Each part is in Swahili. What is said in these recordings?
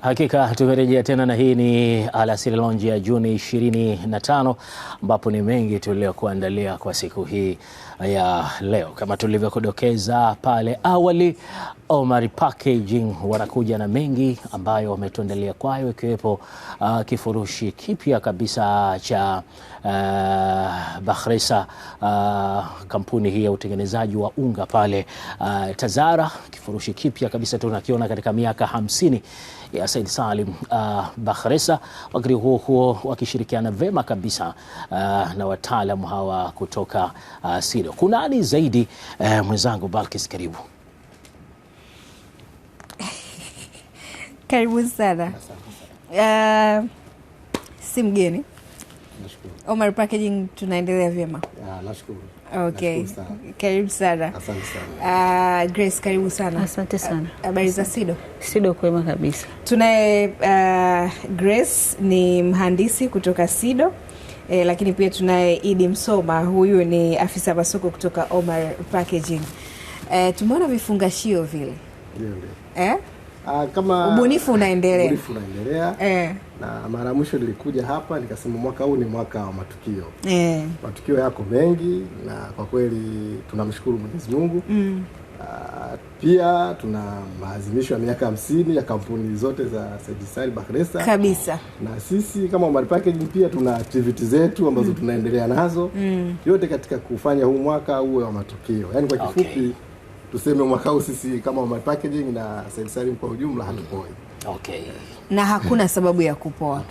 Hakika tumerejea tena na hii ni Alasiri Lounge ya Juni 25 ambapo ni mengi tuliyokuandalia kwa siku hii ya leo. Kama tulivyokudokeza pale awali, Omar Packaging wanakuja na mengi ambayo wametuandalia kwayo, ikiwepo uh, kifurushi kipya kabisa cha uh, Bakhresa uh, kampuni hii ya utengenezaji wa unga pale uh, Tazara. Kifurushi kipya kabisa tunakiona katika miaka hamsini ya Said Salim uh, Bakhresa, wakati huo huo wakishirikiana vema kabisa uh, na wataalamu hawa kutoka uh, SIDO hivyo. Kuna zaidi eh, mwenzangu Balkis, karibu karibu sana uh, si mgeni Omar Packaging, tunaendelea vyema. Ah, okay. Karibu sana. sana. Uh, Grace karibu sana. Asante sana. Ah, habari za Sido? Sido kwema kabisa. Tunaye uh, Grace ni mhandisi kutoka Sido e, lakini pia tunaye Idi Msoma, huyu ni afisa masoko kutoka Omar Packaging. E, tumeona vifungashio vile e? kama ubunifu unaendelea, ubunifu unaendelea e. Na mara mwisho nilikuja hapa nikasema mwaka huu ni mwaka wa matukio e. Matukio yako mengi na kwa kweli tunamshukuru Mwenyezi Mungu mm pia tuna maazimisho ya miaka hamsini ya kampuni zote za Sejisari Bakresa kabisa, na sisi kama Omar Packaging pia tuna activity zetu ambazo mm. tunaendelea nazo mm. yote katika kufanya huu mwaka uwe wa matukio, yaani kwa kifupi okay. tuseme mwaka huu sisi kama Omar Packaging na Sejisari kwa ujumla hatupoi. Okay. na hakuna sababu ya kupoa.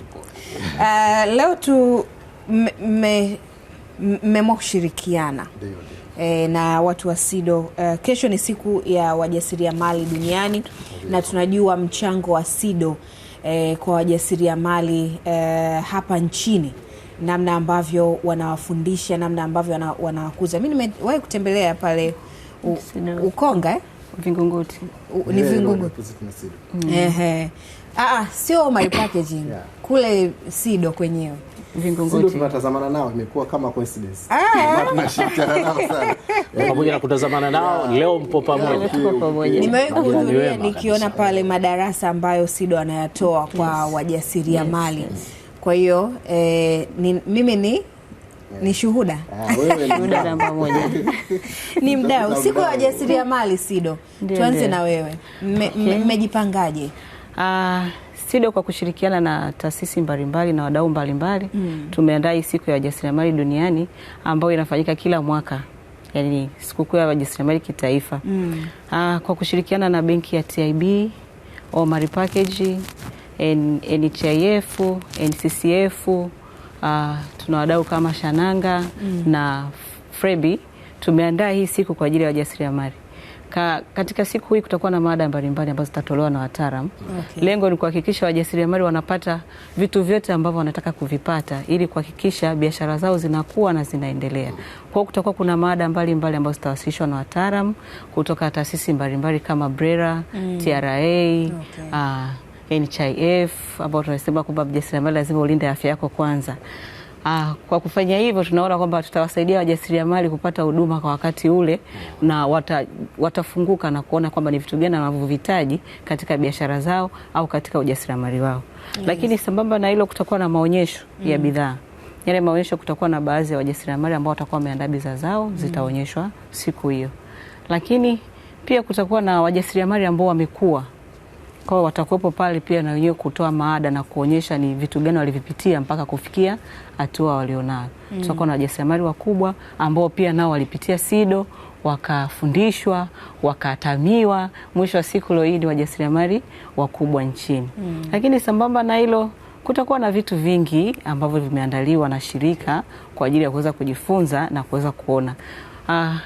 Uh, leo tu mmekuwa kushirikiana ndio e, na watu wa SIDO. Uh, kesho ni siku ya wajasiriamali duniani na tunajua mchango wa SIDO e, kwa wajasiriamali e, hapa nchini namna ambavyo wanawafundisha namna ambavyo wanawakuza. Mi nimewahi kutembelea pale u, Ukonga eh? Vingunguti ni Vingunguti ah, ah, sio my packaging yeah. Kule SIDO kwenyewe Vingunguti tunatazamana nao, imekuwa kama coincidence, ah, ah. pamoja na kutazamana nao leo, mpo pamoja. Nimewahi kuhudhuria nikiona pale madarasa ambayo Sido anayatoa kwa wajasiriamali, kwa hiyo eh, mimi ni ni shuhuda ah, ni mdau. Siku ya wajasiriamali, Sido, tuanze na wewe, mmejipangaje? SIDO kwa kushirikiana na taasisi mbalimbali na wadau mbalimbali mm. tumeandaa hii siku ya wajasiriamali duniani ambayo inafanyika kila mwaka yani sikukuu ya wajasiriamali kitaifa mm. Aa, ah, kwa kushirikiana na benki ya TIB, Omari Package, NHIF, NCCF, ah, tuna wadau kama Shananga mm. na Frebi tumeandaa hii siku kwa ajili ya wajasiriamali. Ka, katika siku hii kutakuwa na mada mbalimbali ambazo zitatolewa na wataalam. Okay. Lengo ni kuhakikisha wajasiriamali wanapata vitu vyote ambavyo wanataka kuvipata ili kuhakikisha biashara zao zinakuwa na zinaendelea. Kwa hiyo kutakuwa kuna mada mbalimbali ambazo zitawasilishwa na wataalam kutoka taasisi mbalimbali kama BRELA, mm. TRA, okay. uh, ah, NHIF ambao tunasema kwamba mjasiriamali lazima ulinde afya yako kwanza. Ah, kwa kufanya hivyo tunaona kwamba tutawasaidia wajasiriamali kupata huduma kwa wakati ule na wata, watafunguka na kuona kwamba ni vitu gani wanavyovihitaji katika biashara zao au katika ujasiriamali wao. Yes. Lakini sambamba na hilo kutakuwa na maonyesho mm. ya bidhaa. Yale maonyesho kutakuwa na baadhi ya wajasiriamali ambao watakuwa wameandaa bidhaa zao mm. zitaonyeshwa siku hiyo. Lakini pia kutakuwa na wajasiriamali ambao wamekuwa kwao watakuwepo pale pia na wenyewe kutoa maada na kuonyesha ni vitu gani walivipitia mpaka kufikia hatua walionayo. Mm. Tutakuwa na wajasiriamali wakubwa ambao pia nao walipitia SIDO wakafundishwa wakatamiwa, mwisho wa siku leo hii ni wajasiriamali wakubwa nchini. Mm. Lakini sambamba na hilo kutakuwa na vitu vingi ambavyo vimeandaliwa na shirika kwa ajili ya kuweza kujifunza na kuweza kuona ah,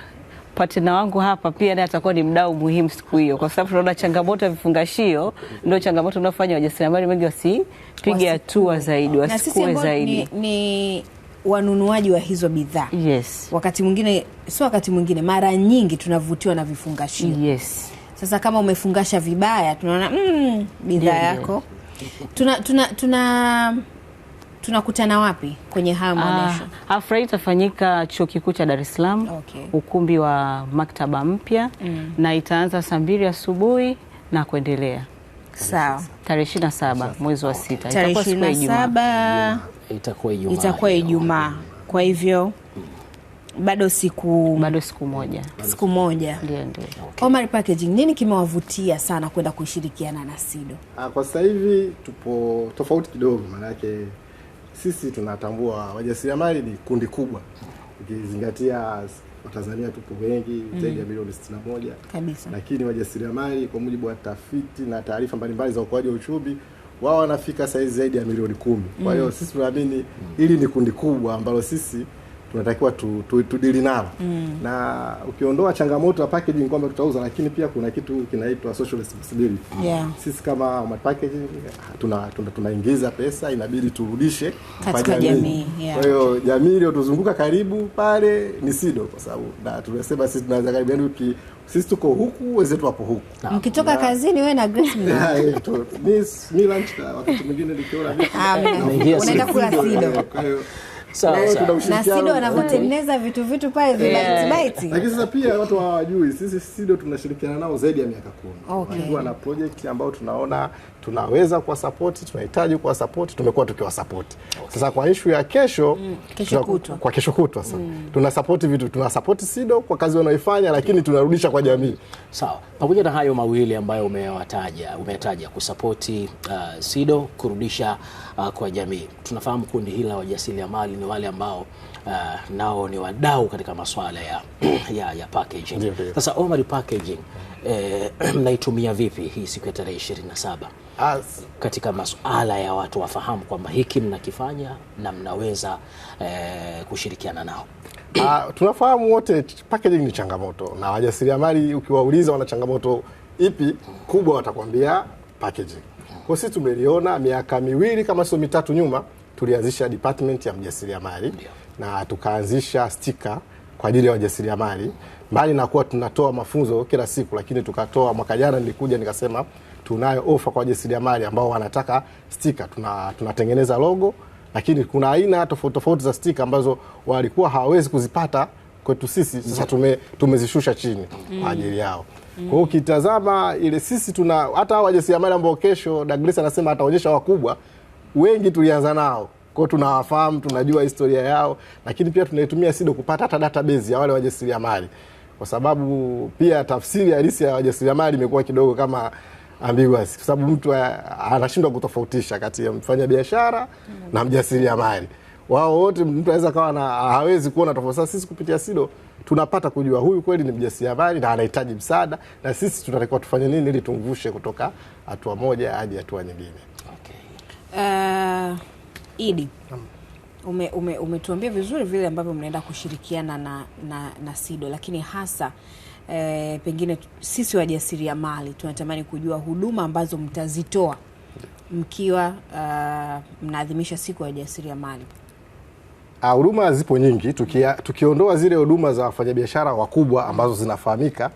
partner wangu hapa pia naye atakuwa ni mdau muhimu siku hiyo, kwa sababu tunaona changamoto ya vifungashio ndio changamoto unaofanya wajasiriamali wengi wasipige hatua zaidi, wasikue zaidi ni, ni wanunuaji wa hizo bidhaa yes. Wakati mwingine sio, wakati mwingine, mara nyingi tunavutiwa na vifungashio yes. Sasa kama umefungasha vibaya, tunaona mm, bidhaa yeah, yako yeah. tuna, tuna, tuna Tunakutana wapi kwenye haya ah, maonyesho? Ah, Afra itafanyika Chuo Kikuu cha Dar es Salaam, okay. Ukumbi wa maktaba mpya mm. na itaanza saa mbili asubuhi na kuendelea sawa, tarehe ishirini na saba mwezi wa sita, tarehe ishirini na saba itakuwa Ijumaa. Mm. Kwa hivyo bado siku bado siku moja siku moja ndio ndio. Okay. Omary Packaging, nini kimewavutia sana kwenda kushirikiana na SIDO? Ah, kwa sasa hivi tupo tofauti kidogo, maanake sisi tunatambua wajasiriamali ni kundi kubwa, ukizingatia Watanzania tupo wengi mm. zaidi ya milioni sitina moja lakini wajasiriamali kwa mujibu wa tafiti na taarifa mbalimbali za ukoaji wa uchumi wao wanafika saizi zaidi ya milioni kumi. Kwa hiyo mm. sisi tunaamini hili ni kundi kubwa ambalo sisi tunatakiwa tu, tu, tu nalo mm. na ukiondoa changamoto ya packaging kwamba tutauza, lakini pia kuna kitu kinaitwa social responsibility yeah. Sisi kama packaging tunaingiza tuna, tuna pesa inabidi turudishe kwa jamii. Kwa hiyo jamii iliyotuzunguka yeah. karibu pale ni SIDO, kwa sababu na tumesema sisi tunaweza karibu, yani uki sisi tuko huku, wenzetu wapo huku. Mkitoka kazini wewe na Grace eh, mimi lunch, wakati mwingine nikiona unaenda kula SIDO. Kwa hiyo na Sido anavyotengeneza vitu vitu pale vibaitibaiti. Lakini sasa pia watu hawajui sisi Sido tunashirikiana nao zaidi ya miaka kumi, okay. Wana project ambayo tunaona tunaweza kuwasapoti, tunahitaji kuwasapoti, tumekuwa tukiwasapoti okay. Sasa kwa ishu ya kesho, mm, kesho kutwa. Kwa kesho kutwa sasa mm. support vitu, support SIDO kwa kazi wanaoifanya, lakini yeah. tunarudisha kwa jamii. Sawa, pamoja na hayo mawili ambayo umewataja umetaja kusapoti uh, SIDO kurudisha uh, kwa jamii, tunafahamu kundi hili la wajasiriamali ni wale ambao uh, nao ni wadau katika masuala ya, ya, ya packaging. Sasa Omary Packaging eh, mnaitumia vipi hii siku ya tarehe 27 As, katika masuala ya watu wafahamu kwamba hiki mnakifanya na mnaweza eh, kushirikiana nao? Uh, tunafahamu wote packaging ni changamoto, na wajasiriamali ukiwauliza wana changamoto ipi kubwa, watakwambia packaging. Kwa sisi tumeliona miaka miwili kama sio mitatu nyuma, tulianzisha department ya mjasiriamali na tukaanzisha stika kwa ajili ya wajasiriamali mbali na kuwa tunatoa mafunzo kila siku, lakini tukatoa mwaka jana, nilikuja nikasema tunayo ofa kwa wajasiriamali ambao wanataka stika. Tuna, tunatengeneza logo, lakini kuna aina tofauti tofauti za stika ambazo walikuwa hawawezi kuzipata kwetu sisi. Sasa tume, tumezishusha chini kwa ajili yao. Mm. Kwa hiyo ukitazama ile sisi tuna hata hao wajasiriamali ambao kesho Douglas anasema ataonyesha wakubwa wengi tulianza nao kwao, tunawafahamu, tunajua historia yao, lakini pia tunaitumia SIDO kupata hata database ya wale wajasiriamali kwa sababu pia tafsiri halisi ya wajasiriamali imekuwa kidogo kama ambiguous, kwa sababu mtu eh, anashindwa kutofautisha kati ya mfanya biashara na mjasiriamali. Wao wote mtu anaweza kawa na hawezi kuona tofauti. Sasa sisi kupitia SIDO tunapata kujua huyu kweli ni mjasiriamali na anahitaji msaada, na sisi tunatakiwa tufanye nini ili tumvushe kutoka hatua moja hadi hatua nyingine. Okay. Uh, Idi. Um ume, ume, umetuambia vizuri vile ambavyo mnaenda kushirikiana na, na, na SIDO lakini hasa e, pengine sisi wajasiriamali tunatamani kujua huduma ambazo mtazitoa mkiwa uh, mnaadhimisha siku ya wajasiriamali. Ah, huduma zipo nyingi, tukia, tukiondoa zile huduma za wafanyabiashara wakubwa ambazo zinafahamika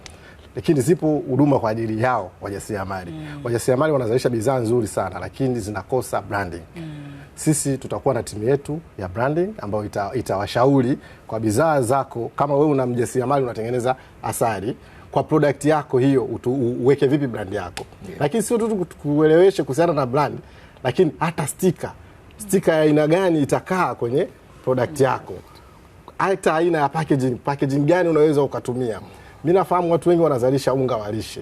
lakini zipo huduma kwa ajili yao wajasiriamali. Mm. Wajasiriamali wanazalisha bidhaa nzuri sana lakini zinakosa branding. Mm sisi tutakuwa na timu yetu ya branding ambayo itawashauri ita kwa bidhaa zako, kama wewe una mjasiriamali unatengeneza asali kwa product yako hiyo utu, uweke vipi brand yako yeah. Lakini sio tu kueleweshe kuhusiana na brand, lakini hata stika stika ya aina gani itakaa kwenye product yako, hata aina ya packaging, packaging gani unaweza ukatumia. Mimi nafahamu watu wengi wanazalisha unga wa lishe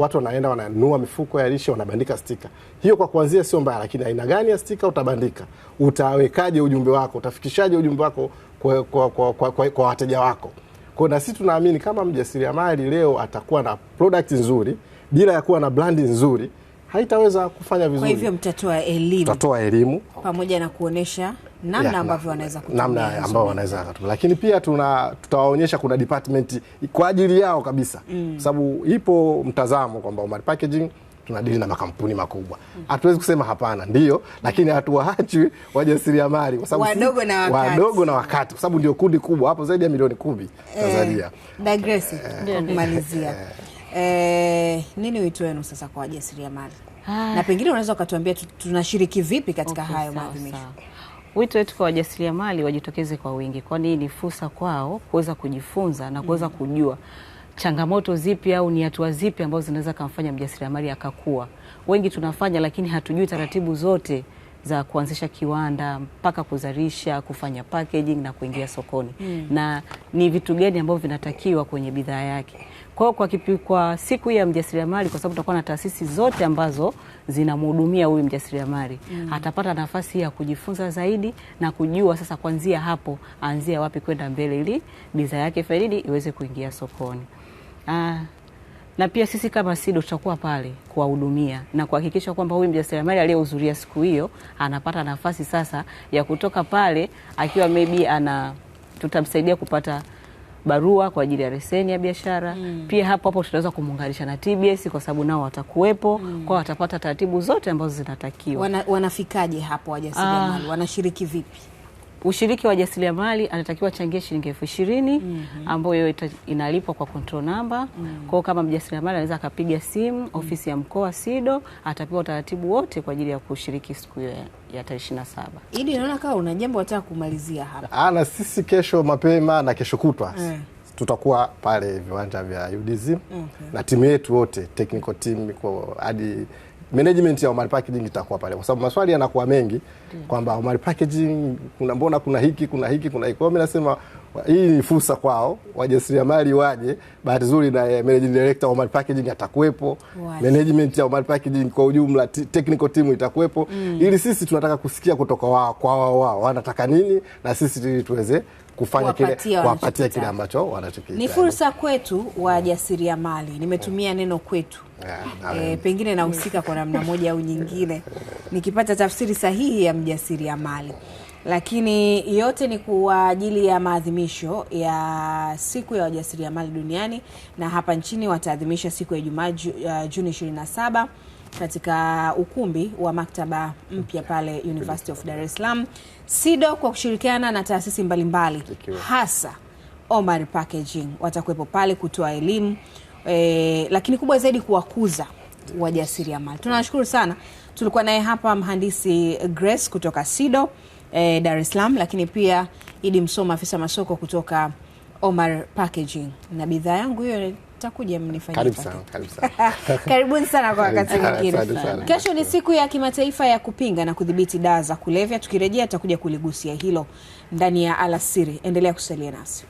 watu wanaenda wananunua mifuko ya lishe wanabandika stika hiyo. Kwa kuanzia sio mbaya, lakini aina gani ya stika utabandika, utawekaje ujumbe wako, utafikishaje ujumbe wako kwa, kwa, kwa, kwa, kwa, kwa wateja wako kwa, na sisi tunaamini kama mjasiriamali leo atakuwa na product nzuri bila ya kuwa na brandi nzuri haitaweza kufanya vizuri. Kwa hivyo mtatoa elimu, mtatoa elimu pamoja na kuonesha namna ambavyo wanaweza kutumia, namna ambayo wanaweza kutumia, lakini pia tuna tutawaonyesha kuna department kwa ajili yao kabisa mm. sababu ipo mtazamo kwamba Omar Packaging tunadili na makampuni makubwa, mm. hatuwezi kusema hapana, ndio lakini hatuwaachi wajasiriamali kwa sababu wadogo na wakati, wadogo na wakati, kwa sababu ndio kundi kubwa hapo, zaidi ya milioni kumi eh, Tanzania. Digresi eh, kumalizia eh eh, nini wito wenu sasa kwa wajasiriamali ah. na pengine unaweza ukatuambia tunashiriki vipi katika okay, hayo maadhimisho? Wito wetu kwa wajasiriamali wajitokeze kwa wingi, kwani ni fursa kwao kuweza kujifunza na kuweza mm. kujua changamoto zipi au ni hatua zipi ambazo zinaweza kumfanya mjasiriamali akakua. Wengi tunafanya lakini hatujui taratibu zote za kuanzisha kiwanda mpaka kuzalisha, kufanya packaging na kuingia sokoni mm. na ni vitu gani ambavyo vinatakiwa kwenye bidhaa yake. Kwa kwa, kipi, kwa siku hii ya mjasiriamali kwa sababu tutakuwa na taasisi zote ambazo zinamhudumia huyu mjasiriamali mm. Atapata nafasi ya kujifunza zaidi na kujua sasa kuanzia hapo anzia wapi kwenda mbele ili bidhaa yake faidi iweze kuingia sokoni. Ah, na pia sisi kama SIDO tutakuwa pale kuwahudumia na kuhakikisha kwamba huyu mjasiriamali aliyehudhuria siku hiyo anapata nafasi sasa ya kutoka pale akiwa maybe ana tutamsaidia kupata barua kwa ajili ya leseni ya biashara mm. Pia hapo hapo tutaweza kumuunganisha na TBS kwa sababu nao watakuwepo mm. Kwa watapata taratibu zote ambazo zinatakiwa. Wana, wanafikaje hapo wajasiriamali? Ah. Wanashiriki vipi? ushiriki wa jasiriamali anatakiwa achangie shilingi elfu ishirini mm -hmm. ambayo inalipwa kwa control number mm -hmm. Kwa hiyo kama mjasiriamali anaweza akapiga simu mhm. ofisi ya mkoa SIDO, atapewa utaratibu wote kwa ajili ya kushiriki siku hiyo ya tarehe ishirini na saba. Idi, naona kama una jambo wataka kumalizia hapa. Na sisi kesho mapema na kesho kutwa mm tutakuwa pale viwanja vya UDSM okay. na timu yetu wote technical team hadi management ya Omar Packaging itakuwa pale, kwa sababu maswali yanakuwa mengi kwamba Omar Packaging kuna mbona, kuna hiki, kuna hiki, kuna hiki. Kwa hiyo nasema hii ni fursa kwao wajasiriamali waje. Bahati nzuri na eh, managing director Omar Packaging atakuwepo, management ya Omar Packaging kwa ujumla, technical team itakuwepo mm. ili sisi tunataka kusikia kutoka wao kwa wao, wao wanataka nini na sisi ili tuweze kufanya kile, kuwapatia kile ambacho wanachokihitaji. Ni fursa kwetu wajasiriamali, nimetumia neno kwetu yeah, e, eh, pengine nahusika kwa namna moja au nyingine, nikipata tafsiri sahihi ya mjasiriamali lakini yote ni kwa ajili ya maadhimisho ya siku ya wajasiriamali duniani, na hapa nchini wataadhimisha siku ya Ijumaa uh, Juni 27 katika ukumbi wa maktaba mpya pale University of Dar es Salaam. SIDO kwa kushirikiana na taasisi mbalimbali hasa Omar Packaging watakuwepo pale kutoa elimu e, lakini kubwa zaidi kuwakuza wajasiriamali. Tunashukuru sana, tulikuwa naye hapa mhandisi Grace kutoka SIDO e, Dar es Salaam, lakini pia Idi Msoma, afisa masoko kutoka Omar Packaging na bidhaa yangu hiyo takuja mnifanyie. Karibu sana, karibu sana. Karibuni sana kwa wakati mwingine. Kesho ni siku ya kimataifa ya kupinga na kudhibiti dawa za kulevya. Tukirejea tutakuja kuligusia hilo ndani ya Alasiri. Endelea kusalia nasi.